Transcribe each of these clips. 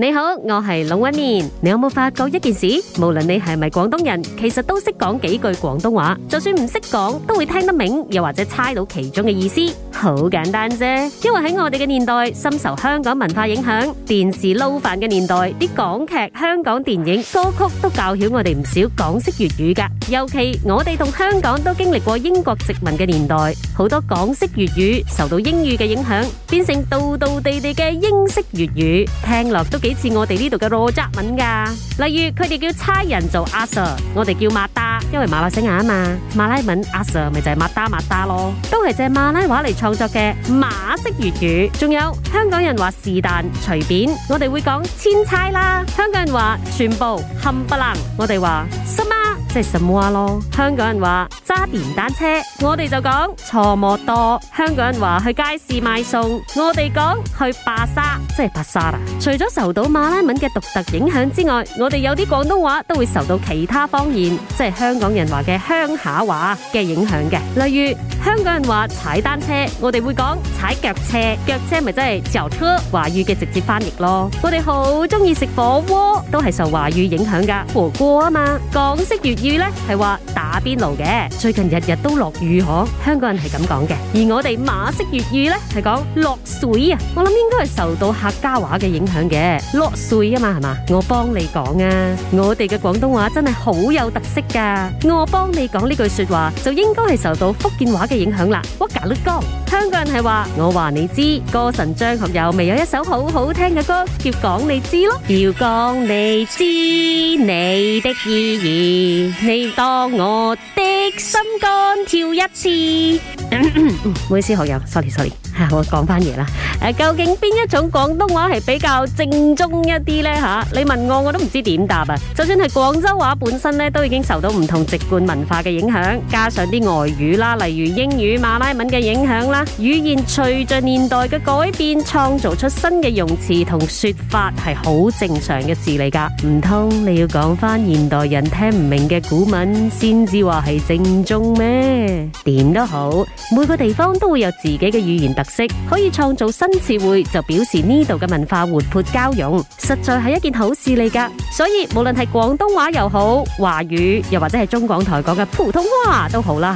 你好，我係龍紋敏，你有冇發覺一件事？無論你係咪廣東人，其實都識講幾句廣東話。就算唔識講，都會聽得明，又或者猜到其中嘅意思。好簡單啫，因為喺我哋嘅年代，深受香港文化影響，電視撈飯嘅年代，啲港劇、香港電影、歌曲都教曉我哋唔少港式粵語噶。尤其我哋同香港都經歷過英國殖民嘅年代，好多港式粵語受到英語嘅影響，變成道道地地嘅英式粵語，聽落都幾似我哋呢度嘅羅雜文㗎，例如佢哋叫差人做阿 Sir，我哋叫馬達，因為馬來西亞啊嘛，馬拉文阿 Sir 咪就係馬達馬達咯，都係借馬拉話嚟創作嘅馬式粵語。仲有香港人話是但隨便，我哋會講千差啦。香港人話全部冚唪唥，我哋話濕媽。即係什麼話咯？香港人話揸電單車，我哋就講錯莫多。香港人話去街市買餸，我哋講去白沙，即係白沙啦、啊。除咗受到馬來文嘅獨特影響之外，我哋有啲廣東話都會受到其他方言，即係香港人話嘅鄉下話嘅影響嘅，例如。香港人話踩單車，我哋會講踩腳車，腳車咪真係自由車，華語嘅直接翻譯咯。我哋好鍾意食火鍋，都係受華語影響㗎，火鍋啊嘛。港式粵語呢，係話打。邊路嘅，最近日日都落雨嗬，香港人係咁講嘅。而我哋馬式粵語呢，係講落水啊，我諗應該係受到客家話嘅影響嘅。落水啊嘛係嘛，我幫你講啊。我哋嘅廣東話真係好有特色噶。我幫你講呢句說話就應該係受到福建話嘅影響啦。我夾力講，香港人係話我話你知，歌神張學友未有一首好好聽嘅歌叫講你知咯。要講你知你的意義，你當我。我的心肝跳一次，唔、嗯嗯、唔好意思，學友，sorry，sorry，Sorry，我講翻嘢啦。啊、究竟邊一種廣東話係比較正宗一啲呢？嚇、啊？你問我我都唔知點答啊！就算係廣州話本身咧，都已經受到唔同籍貫文化嘅影響，加上啲外語啦，例如英語、馬拉文嘅影響啦，語言隨着年代嘅改變，創造出新嘅用詞同說法係好正常嘅事嚟㗎。唔通你要講翻現代人聽唔明嘅古文先至話係正宗咩？點都好，每個地方都會有自己嘅語言特色，可以創造新詞彙就表示呢度嘅文化活潑交融，實在係一件好事嚟噶。所以無論係廣東話又好，華語又或者係中港台講嘅普通話都好啦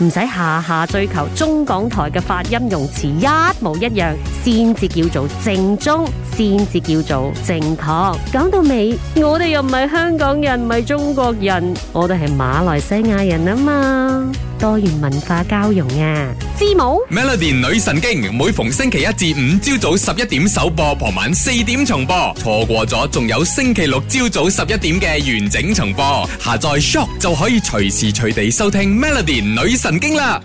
吓，唔使下下追求中港台嘅發音用詞一模一樣，先至叫做正宗，先至叫做正確。講到尾，我哋又唔係香港人，唔係中國人，我哋係馬來西亞人啦嘛。多元文化交融啊，知冇母？Melody 女神經每逢星期一至五朝早十一點首播，傍晚四點重播。錯過咗，仲有星期六朝早十一點嘅完整重播。下載 Shop 就可以隨時隨地收聽 Melody 女神經啦。